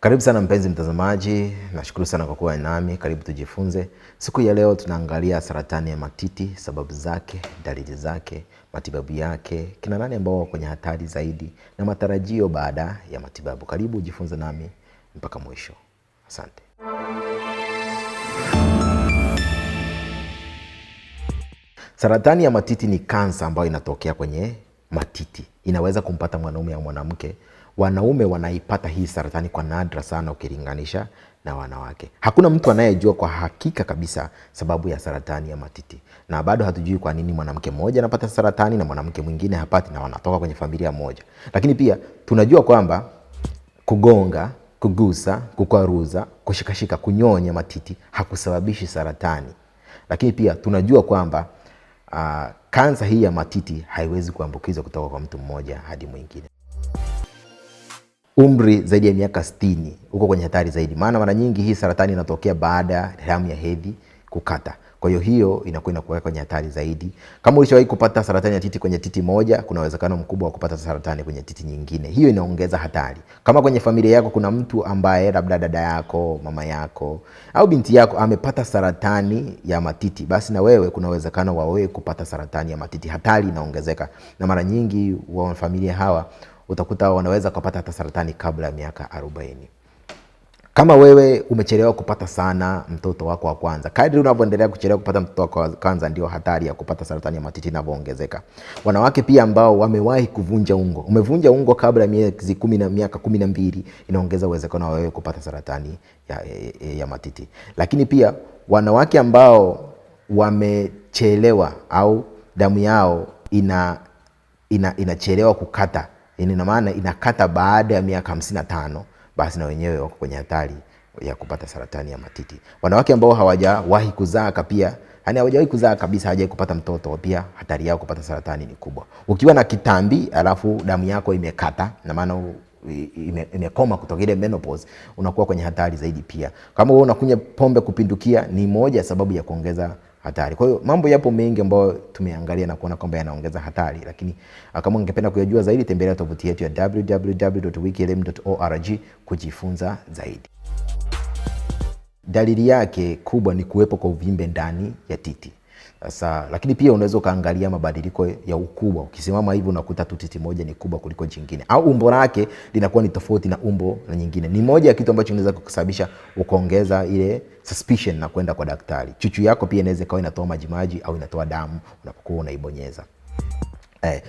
Karibu sana mpenzi mtazamaji, nashukuru sana kwa kuwa nami. Karibu tujifunze. Siku ya leo tunaangalia saratani ya matiti, sababu zake, dalili zake, matibabu yake, kina nani ambao wako kwenye hatari zaidi na matarajio baada ya matibabu. Karibu ujifunze nami mpaka mwisho. Asante. Saratani ya matiti ni kansa ambayo inatokea kwenye matiti. Inaweza kumpata mwanaume au mwanamke wanaume wanaipata hii saratani kwa nadra sana ukilinganisha na wanawake. Hakuna mtu anayejua kwa hakika kabisa sababu ya saratani ya matiti, na bado hatujui kwa nini mwanamke mmoja anapata saratani na mwanamke mwingine hapati, na wanatoka kwenye familia moja. Lakini pia tunajua kwamba kugonga, kugusa, kukwaruza, kushikashika, kunyonya matiti hakusababishi saratani. Lakini pia tunajua kwamba uh, kansa hii ya matiti haiwezi kuambukizwa kutoka kwa mtu mmoja hadi mwingine umri zaidi ya miaka sitini uko kwenye hatari zaidi, maana mara nyingi hii saratani inatokea baada ya damu ya hedhi kukata. Kwa hiyo hiyo inakuwa inakuweka kwenye hatari zaidi. Kama ulishawahi kupata saratani ya titi kwenye titi moja, kuna uwezekano mkubwa wa kupata saratani kwenye titi nyingine. Hiyo inaongeza hatari. Kama kwenye familia yako kuna mtu ambaye labda dada yako, mama yako au binti yako amepata saratani ya matiti, basi na wewe kuna uwezekano wa wewe kupata saratani ya matiti. Hatari inaongezeka, na mara nyingi wa familia hawa utakuta wanaweza kupata hata saratani kabla ya miaka 40. Kama wewe umechelewa kupata sana mtoto wako wa kwanza, kadri unavyoendelea kuchelewa kupata mtoto wako wa kwanza, ndio hatari ya kupata saratani ya matiti inavyoongezeka. Wanawake pia ambao wamewahi kuvunja ungo, umevunja ungo kabla ya miezi kumi na miaka kumi na mbili, inaongeza uwezekano wa wewe kupata saratani ya, ya, ya matiti. Lakini pia wanawake ambao wamechelewa au damu yao ina, inachelewa ina, kukata Yaani ina maana inakata baada ya miaka hamsini na tano, basi na wenyewe wako kwenye hatari ya kupata saratani ya matiti. Wanawake ambao hawajawahi kuzaa pia yani hawajawahi kuzaa kabisa, hawajawahi kupata mtoto, pia hatari yao kupata saratani ni kubwa. Ukiwa na kitambi alafu damu yako imekata, na maana imekoma kutoka ile menopause, unakuwa kwenye hatari zaidi. Pia kama wewe unakunywa pombe kupindukia, ni moja sababu ya kuongeza hatari. Kwa hiyo mambo yapo mengi ambayo tumeangalia na kuona kwamba yanaongeza hatari, lakini ah, kama ungependa kuyajua zaidi, tembelea tovuti yetu ya www.wikielim.org kujifunza zaidi. Dalili yake kubwa ni kuwepo kwa uvimbe ndani ya titi. Sasa lakini pia unaweza ukaangalia mabadiliko ya ukubwa. Ukisimama hivi unakuta tu titi moja ni kubwa kuliko jingine, au umbo lake linakuwa ni tofauti na umbo la nyingine. Ni moja ya kitu ambacho inaweza kukusababisha ukaongeza ile suspicion na kwenda kwa daktari. Chuchu yako pia inaweza ikawa inatoa majimaji au inatoa damu unapokuwa unaibonyeza. Eh,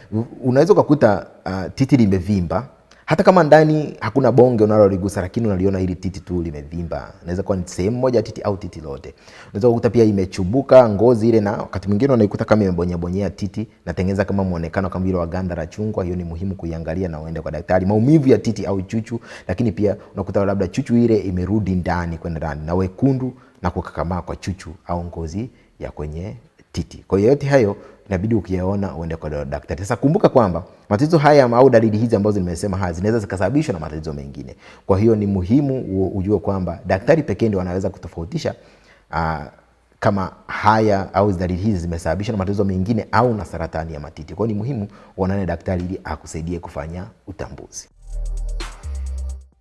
unaweza ukakuta uh, titi limevimba hata kama ndani hakuna bonge unaloligusa, lakini unaliona hili titi tu limevimba. Naweza kuwa ni sehemu moja titi au titi lote. Unaweza kukuta pia imechubuka ngozi ile, na wakati mwingine unaikuta kama imebonyea bonyea titi na tengeneza kama muonekano kama vile wa ganda la chungwa. Hiyo ni muhimu kuiangalia na uende kwa daktari. Maumivu ya titi au chuchu, lakini pia unakuta labda chuchu ile imerudi ndani kwenda ndani na wekundu na kukakamaa kwa chuchu au ngozi ya kwenye titi. Kwa hiyo yote hayo inabidi ukiyaona uende kwa daktari. Sasa kumbuka kwamba matatizo haya au dalili hizi ambazo nimesema haya zinaweza zikasababishwa na matatizo mengine. Kwa hiyo ni muhimu ujue kwamba daktari pekee ndio anaweza kutofautisha uh, kama haya au dalili hizi zimesababishwa na matatizo mengine au na saratani ya matiti. Kwa hiyo ni muhimu uonane daktari ili akusaidie kufanya utambuzi.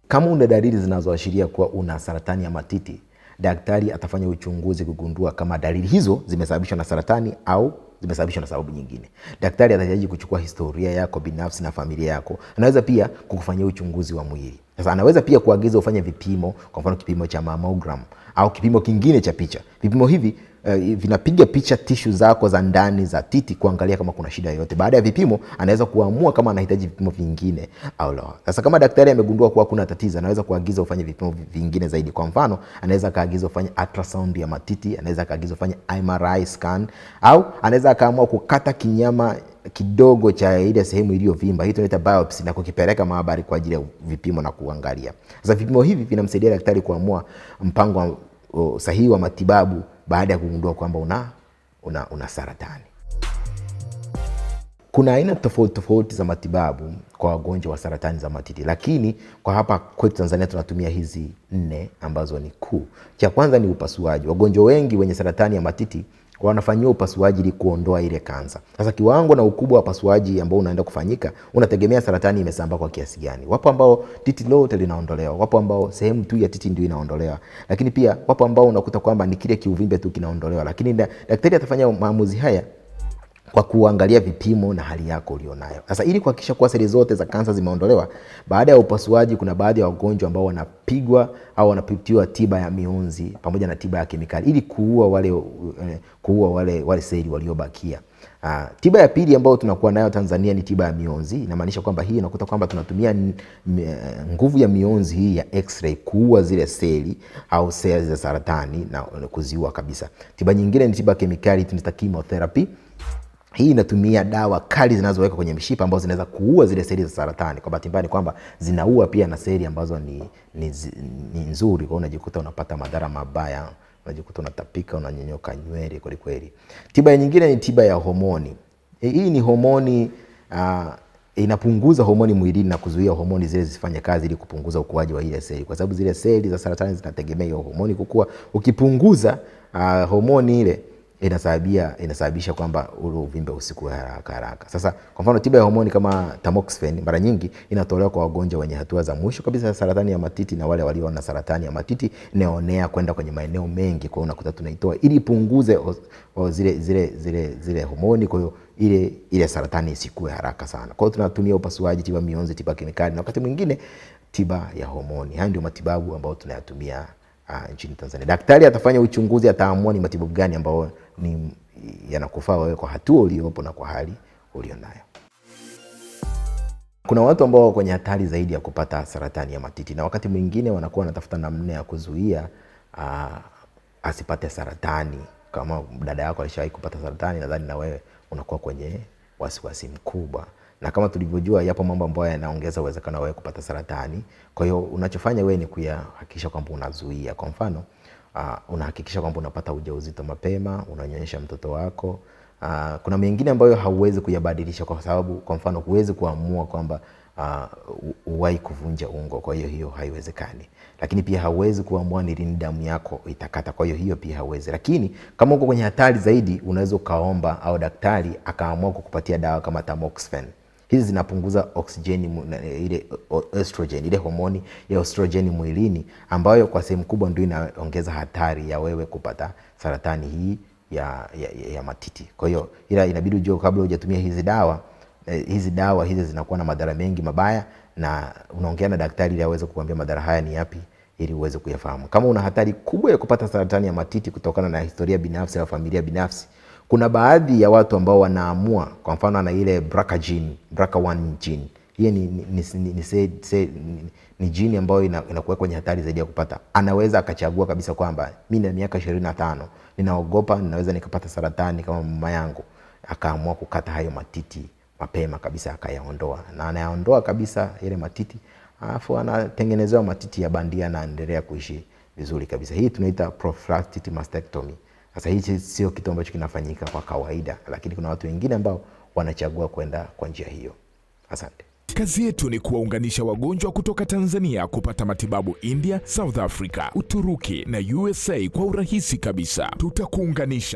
Kama una dalili zinazoashiria kuwa una saratani ya matiti, daktari atafanya uchunguzi kugundua kama dalili hizo zimesababishwa na saratani au zimesababishwa na sababu nyingine. Daktari atahitaji kuchukua historia yako binafsi na familia yako. Anaweza pia kukufanyia uchunguzi wa mwili. Sasa anaweza pia kuagiza ufanye vipimo, kwa mfano kipimo cha mammogram au kipimo kingine cha picha. Vipimo hivi Eh, vinapiga picha tishu zako za ndani za titi kuangalia kama kuna shida yoyote. Baada ya vipimo, anaweza kuamua kama anahitaji vipimo vingine au la. Sasa kama daktari amegundua kuwa kuna tatizo, anaweza kuagiza ufanye vipimo vingine zaidi. Kwa mfano, anaweza kaagiza ufanye ultrasound ya matiti, anaweza kaagiza ufanye MRI scan au anaweza akaamua kukata kinyama kidogo cha ile sehemu iliyovimba, hii tunaita biopsy, na kukipeleka maabara kwa ajili ya vipimo na kuangalia. Sasa vipimo hivi vinamsaidia daktari kuamua mpango sahihi wa matibabu baada ya kugundua kwamba una, una, una saratani. Kuna aina tofauti tofauti za matibabu kwa wagonjwa wa saratani za matiti, lakini kwa hapa kwetu Tanzania tunatumia hizi nne ambazo ni kuu. Cha kwanza ni upasuaji. Wagonjwa wengi wenye saratani ya matiti wanafanyiwa upasuaji ili kuondoa ile kansa. Sasa kiwango na ukubwa wa upasuaji ambao unaenda kufanyika unategemea saratani imesambaa kwa kiasi gani. Wapo ambao titi lote linaondolewa, wapo ambao sehemu tu ya titi ndio inaondolewa, lakini pia wapo ambao unakuta kwamba ni kile kiuvimbe tu kinaondolewa, lakini daktari atafanya maamuzi haya kwa kuangalia vipimo na hali yako ulionayo. Sasa ili kuhakikisha kuwa seli zote za kansa zimeondolewa baada ya upasuaji, kuna baadhi ya wagonjwa ambao wanapigwa au wanapitiwa tiba ya mionzi pamoja na tiba ya kemikali ili kuua wale, eh, kuua wale, wale seli waliobakia. Uh, tiba ya pili ambayo tunakuwa nayo Tanzania ni tiba ya mionzi. Inamaanisha kwamba hii unakuta kwamba tunatumia eh, nguvu ya mionzi hii ya x-ray kuua zile seli au seli za saratani na eh, kuziua kabisa. Tiba nyingine ni tiba kemikali, tunaita chemotherapy hii inatumia dawa kali zinazowekwa kwenye mishipa ambazo zinaweza kuua zile seli za saratani. Kwa bahati mbaya ni kwamba zinaua pia na seli ambazo ni, ni, ni nzuri, kwa unajikuta unapata madhara mabaya, unajikuta unatapika, unanyonyoka nywele kweli kweli. Tiba nyingine ni tiba ya homoni. E, hii ni homoni uh, inapunguza homoni mwilini na kuzuia homoni zile zifanye kazi ili kupunguza ukuaji wa ile seli, kwa sababu zile seli za saratani zinategemea hiyo homoni kukua. Ukipunguza uh, homoni ile inasababia inasababisha kwamba ule uvimbe usikue haraka haraka. Sasa kwa mfano tiba ya homoni kama tamoxifen mara nyingi inatolewa kwa wagonjwa wenye hatua za mwisho kabisa saratani ya matiti na wale walio na saratani ya matiti inayoonea kwenda kwenye maeneo mengi, kwa hiyo unakuta tunaitoa ili ipunguze zile zile zile zile homoni, kwa hiyo ile ile saratani isikue haraka sana. Kwa hiyo tunatumia upasuaji, tiba mionzi, tiba kemikali na wakati mwingine tiba ya homoni. Hayo ndio matibabu ambayo tunayatumia Ah, nchini Tanzania. Daktari atafanya uchunguzi, ataamua ni matibabu gani ambayo ni yanakufaa wewe kwa hatua uliopo na kwa hali ulionayo. Kuna watu ambao wako kwenye hatari zaidi ya kupata saratani ya matiti na wakati mwingine wanakuwa wanatafuta namna ya kuzuia uh, asipate saratani. Kama dada yako alishawahi kupata saratani, nadhani na wewe unakuwa kwenye wasiwasi mkubwa na kama tulivyojua, yapo mambo ambayo yanaongeza uwezekano wa kupata saratani. Kwa hiyo unachofanya wewe ni kuhakikisha kwamba unazuia. Kwa mfano, uh, unahakikisha kwamba unapata ujauzito mapema, unanyonyesha mtoto wako. Uh, kuna mengine ambayo hauwezi kuyabadilisha kwa sababu, kwa mfano, huwezi kuamua kwamba uh, uwahi kuvunja ungo, kwa hiyo hiyo haiwezekani. Lakini pia hauwezi kuamua ni lini damu yako itakata, kwa hiyo hiyo pia hauwezi. Lakini kama uko kwenye hatari zaidi, unaweza ukaomba au daktari akaamua kukupatia dawa kama tamoxifen. Hizi zinapunguza oksijeni eh, ile estrogen, ile homoni ya estrogen mwilini ambayo kwa sehemu kubwa ndio inaongeza hatari ya wewe kupata saratani hii ya, ya, ya matiti. Kwa hiyo ila inabidi ujue kabla hujatumia hizi dawa eh, hizi dawa hizi zinakuwa na madhara mengi mabaya, na unaongea na daktari ili aweze kukuambia madhara haya ni yapi ili uweze kuyafahamu. Kama una hatari kubwa ya kupata saratani ya matiti kutokana na historia binafsi au familia binafsi, kuna baadhi ya watu ambao wanaamua, kwa mfano ana ile BRCA gene, BRCA1 gene. Hiyo ni, ni, ni, ni, ni, ni jini ambayo inakuwa kwenye hatari zaidi ya kupata. Anaweza akachagua kabisa kwamba mi na miaka ishirini na tano ninaogopa ninaweza nikapata saratani kama mama yangu, akaamua kukata hayo matiti mapema kabisa akayaondoa, na anayaondoa kabisa ile matiti, alafu anatengenezewa matiti ya bandia, anaendelea kuishi vizuri kabisa. Hii tunaita prophylactic mastectomy. Sasa hichi sio kitu ambacho kinafanyika kwa kawaida, lakini kuna watu wengine ambao wanachagua kwenda kwa njia hiyo. Asante. Kazi yetu ni kuwaunganisha wagonjwa kutoka Tanzania kupata matibabu India, South Africa, Uturuki na USA kwa urahisi kabisa. Tutakuunganisha.